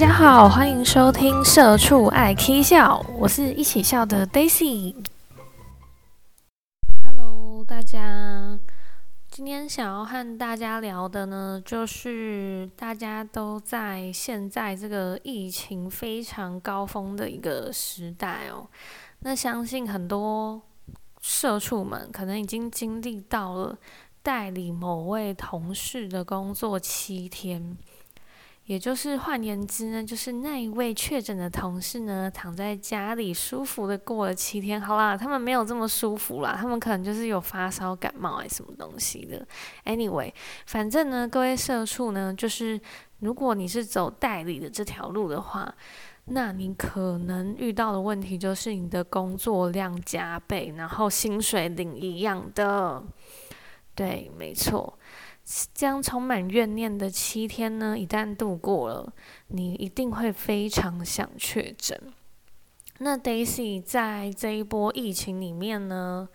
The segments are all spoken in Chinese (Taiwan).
大家好，歡迎收聽《社畜愛 k 笑》，我是一起笑的 Daisy。Hello，大家，今天想要和大家聊的呢，就是大家都在現在這個疫情非常高峰的一個時代哦。那相信很多社畜們可能已經經歷到了代理某位同事的工作七天。也就是換言之呢，就是那一位確診的同事呢，躺在家裡舒服的過了七天。好啦，他們沒有這麼舒服啦，他們可能就是有發燒、感冒誒什麼東西的。Anyway，反正呢，各位社畜呢，就是如果你是走代理的這條路的話，那你可能遇到的問題就是你的工作量加倍，然後薪水領一樣的。對，沒錯。將充滿怨念的七天呢，一旦度過了，你一定會非常想確診。那 Daisy 在這一波疫情裡面呢，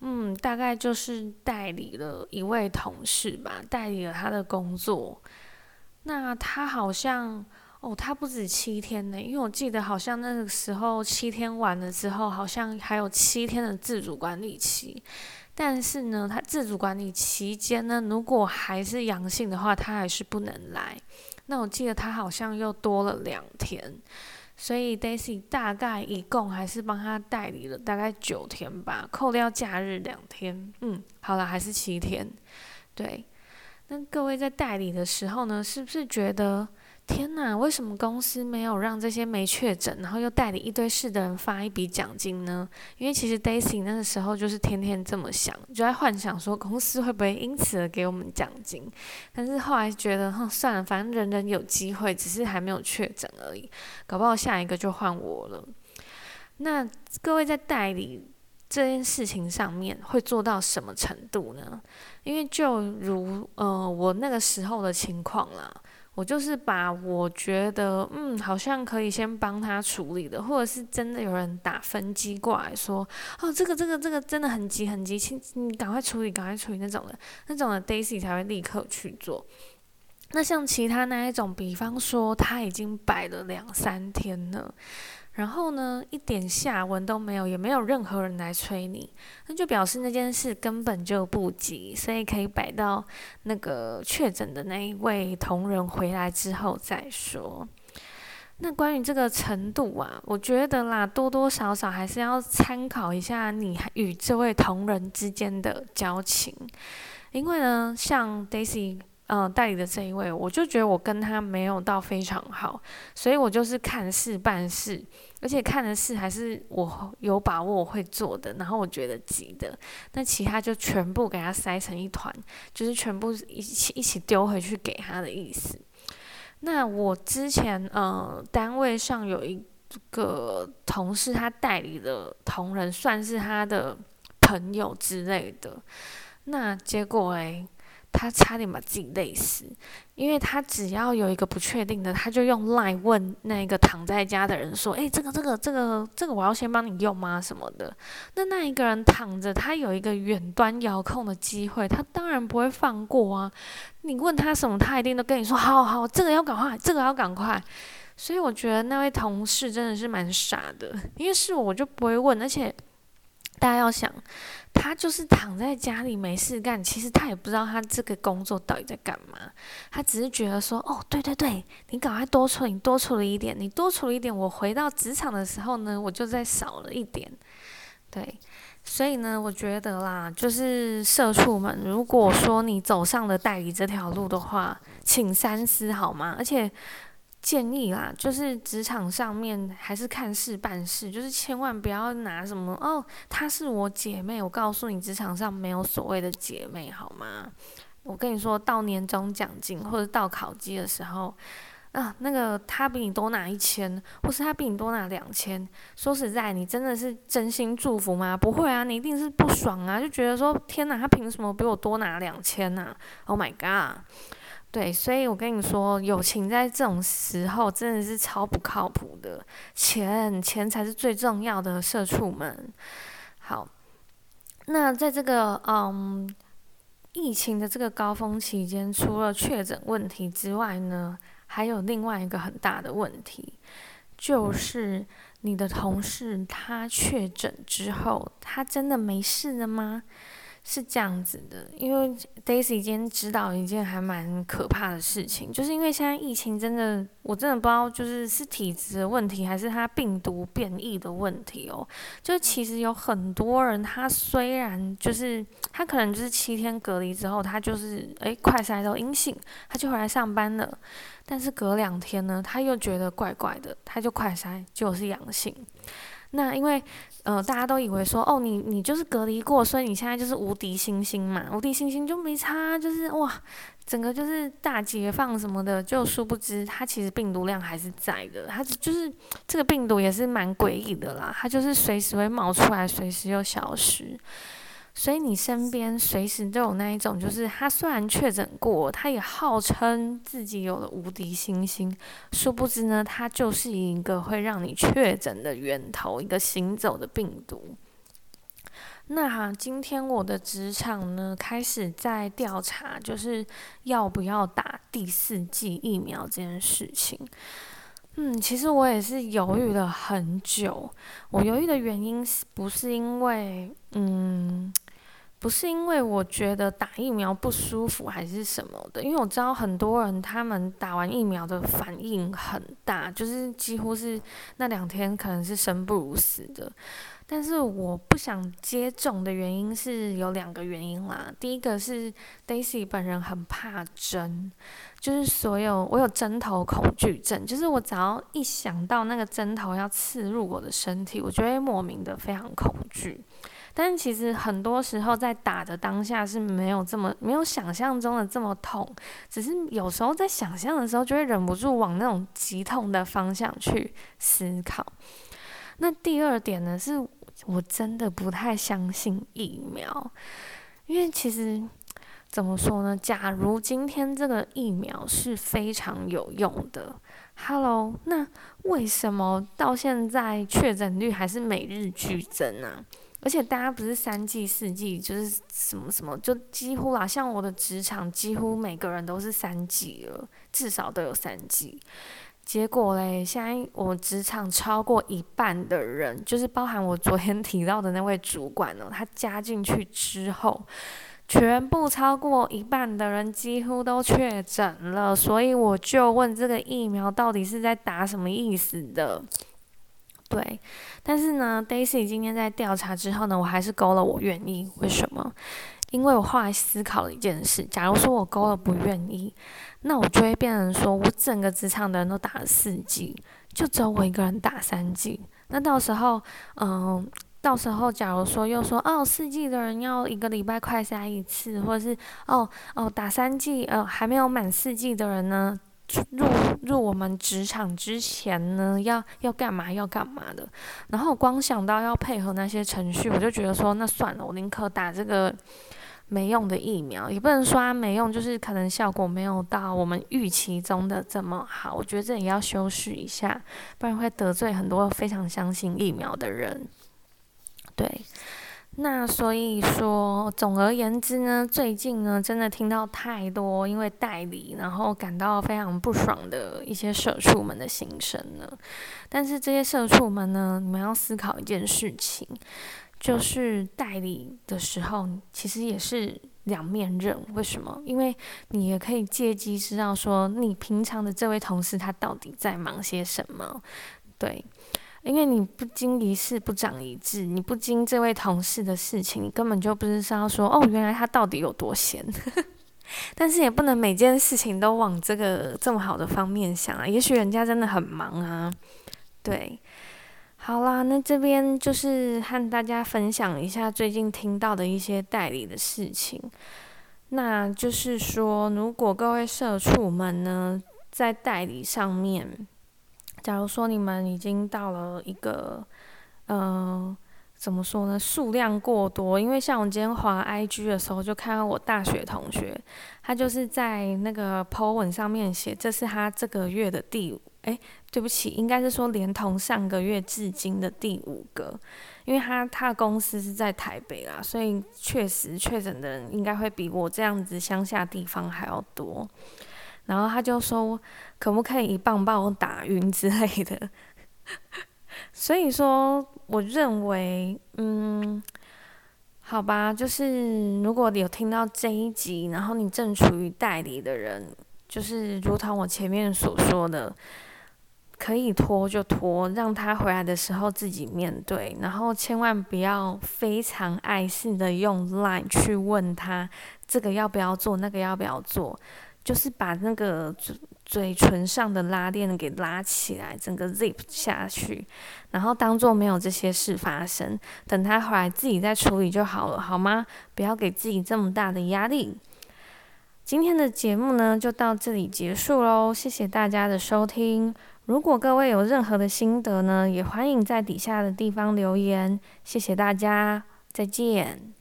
嗯，大概就是代理了一位同事吧，代理了他的工作。那他好像，哦，他不止七天呢，因為我記得好像那個時候七天完了之後，好像還有七天的自主管理期。但是呢，他自主管理期間呢，如果還是陽性的話，他還是不能來。那我記得他好像又多了兩天，所以 Daisy 大概一共還是幫他代理了大概九天吧，扣掉假日兩天。嗯，好啦，還是七天。對，那各位在代理的時候呢，是不是覺得？天吶，為什麼公司沒有讓這些沒確診，然後又代理一堆事的人發一筆獎金呢？因為其實 Daisy 那個時候就是天天這麼想，就在幻想說公司會不會因此而給我們獎金。但是後來覺得，哼，算了，反正人人有機會，只是還沒有確診而已，搞不好下一個就換我了。那各位在代理這件事情上面會做到什麼程度呢？因為就如，呃，我那個時候的情況啦。我就是把我覺得，嗯，好像可以先幫他處理的，或者是真的有人打分機過來說，哦，這個這個這個真的很急很急，請你趕快處理，趕快處理那種的，那種的 Daisy 才會立刻去做。那像其他那一種，比方說他已經擺了兩三天了。然後呢，一點下文都沒有，也沒有任何人來催你，那就表示那件事根本就不急，所以可以擺到那個確診的那一位同仁回來之後再說。那關於這個程度啊，我覺得啦，多多少少還是要參考一下你與這位同仁之間的交情，因為呢，像 Daisy。嗯、呃，代理的這一位，我就覺得我跟他沒有到非常好，所以我就是看事辦事，而且看的事還是我有把握我會做的，然後我覺得急的，那其他就全部給他塞成一團，就是全部一起一起丟回去給他的意思。那我之前，呃，單位上有一個同事，他代理的同仁算是他的朋友之類的，那結果哎。他差點把自己累死，因為他只要有一個不確定的，他就用 Line 問那個躺在家的人說：“誒、欸，這個、這個、這個、這個，我要先幫你用嗎？什麼的？”那那一個人躺着，他有一個遠端遙控的機會，他當然不會放過啊！你問他什麼，他一定都跟你說：“好好，這個要趕快，這個要趕快。”所以我覺得那位同事真的是蠻傻的，因為是我就不會問，而且。大家要想，他就是躺在家裡沒事幹，其實他也不知道他這個工作到底在幹嘛。他只是覺得說，哦，對對對，你趕快多出，你多處理一點，你多處理一點，我回到職場的時候呢，我就再少了一點。對，所以呢，我覺得啦，就是社畜們，如果說你走上了代理這條路的話，請三思好嗎？而且。建議啦，就是職場上面還是看事辦事，就是千萬不要拿什麼哦，她是我姐妹，我告訴你，職場上沒有所謂的姐妹，好嗎？我跟你說，到年終獎金或者到考績的時候，啊，那個她比你多拿一千，或是她比你多拿兩千，說實在，你真的是真心祝福嗎？不會啊，你一定是不爽啊，就覺得說，天哪，她憑什麼比我多拿兩千吶、啊、Oh my god！對，所以我跟你說，友情在這種時候真的是超不靠譜的，錢錢才是最重要的，社畜們。好，那在這個嗯疫情的這個高峰期間，除了確診問題之外呢，還有另外一個很大的問題，就是你的同事他確診之後，他真的沒事了嗎？是這樣子的，因為 Daisy 已經知道一件還蠻可怕的事情，就是因為現在疫情真的，我真的不知道，就是是體質的問題，還是他病毒變異的問題哦。就是其實有很多人，他雖然就是他可能就是七天隔離之後，他就是哎、欸、快篩到陰性，他就回來上班了，但是隔兩天呢，他又覺得怪怪的，他就快篩就是陽性。那因為，呃，大家都以為說，哦，你你就是隔離過，所以你現在就是無敵星星嘛，無敵星星就沒差，就是哇，整個就是大解放什麼的，就殊不知，它，其實病毒量還是在的，它就是這個病毒也是蠻詭異的啦，它就是隨時會冒出來，隨時又消失。所以你身邊隨時都有那一種，就是他雖然確診過，他也號稱自己有了無敵星星，殊不知呢，他就是一個會讓你確診的源頭，一個行走的病毒。那哈，今天我的職場呢開始在調查，就是要不要打第四劑疫苗這件事情。嗯，其實我也是猶豫了很久，我猶豫的原因是不是因為，嗯。不是因為我覺得打疫苗不舒服還是什麼的，因為我知道很多人他們打完疫苗的反應很大，就是幾乎是那兩天可能是生不如死的。但是我不想接種的原因是有兩個原因啦，第一個是 Daisy 本人很怕針，就是所有我有針頭恐懼症，就是我只要一想到那個針頭要刺入我的身體，我覺得莫名的非常恐懼。但其實很多時候在打的當下是沒有這麼沒有想象中的這麼痛，只是有時候在想象的時候就會忍不住往那種極痛的方向去思考。那第二點呢，是我真的不太相信疫苗，因為其實怎麼說呢？假如今天這個疫苗是非常有用的，Hello，那為什麼到現在確診率還是每日劇增呢？啊？而且大家不是三劑、四劑，就是什麼什麼，就幾乎啊，像我的職場，幾乎每個人都是三劑了，至少都有三劑。結果嘞，現在我職場超過一半的人，就是包含我昨天提到的那位主管呢，喔，他加進去之後，全部超過一半的人幾乎都確診了。所以我就問這個疫苗到底是在打什麼意思的？對，但是呢，Daisy 今天在調查之後呢，我還是勾了我願意。為什麼？因為我後來思考了一件事，假如說我勾了不願意，那我就會變成說我整個職場的人都打了四劑，就只有我一個人打三劑。那到時候，嗯、呃，到時候假如說又說哦，四劑的人要一個禮拜快篩一次，或者是哦哦打三劑呃還沒有滿四劑的人呢？入入我們職場之前呢，要要幹嘛要幹嘛的，然後光想到要配合那些程序，我就覺得說那算了，我寧可打這個沒用的疫苗，也不能說它沒用，就是可能效果沒有到我們預期中的這麼好。我覺得這也要修飾一下，不然會得罪很多非常相信疫苗的人。對。那所以說，總而言之呢，最近呢，真的聽到太多因為代理然後感到非常不爽的一些社畜們的心聲呢。但是這些社畜們呢，你們要思考一件事情，就是代理的時候其實也是兩面刃。為什麼？因為你也可以借機知道說，你平常的這位同事他到底在忙些什麼，對。因為你不經一事不長一智，你不經這位同事的事情，你根本就不知道說，哦，原來他到底有多閒。 但是也不能每件事情都往這個這麼好的方面想啊，也許人家真的很忙啊。對，好啦，那這邊就是和大家分享一下最近聽到的一些代理的事情。那就是說，如果各位社畜們呢，在代理上面，假如說你們已經到了一個，嗯、呃，怎麼說呢？數量過多，因為像我今天滑 IG 的時候，就看到我大學同學，他就是在那個 po 文上面寫，這是他這個月的第五。誒，對不起，應該是說連同上個月至今的第五個，因為他他的公司是在台北啊，所以確實確診的人應該會比我這樣子鄉下的地方還要多。然後他就說：“可不可以一棒把我打暈之類的？” 所以說，我認為，嗯，好吧，就是如果有聽到這一集，然後你正處於代理的人，就是如同我前面所說的，可以拖就拖，讓他回來的時候自己面對，然後千萬不要非常愛心的用 Line 去問他這個要不要做，那個要不要做。就是把那個嘴嘴唇上的拉鏈給拉起來，整個 zip 下去，然後當做沒有這些事發生，等他回來自己再處理就好了，好嗎？不要給自己這麼大的壓力。今天的節目呢就到這裡結束嘍，謝謝大家的收聽。如果各位有任何的心得呢，也歡迎在底下的地方留言。謝謝大家，再見。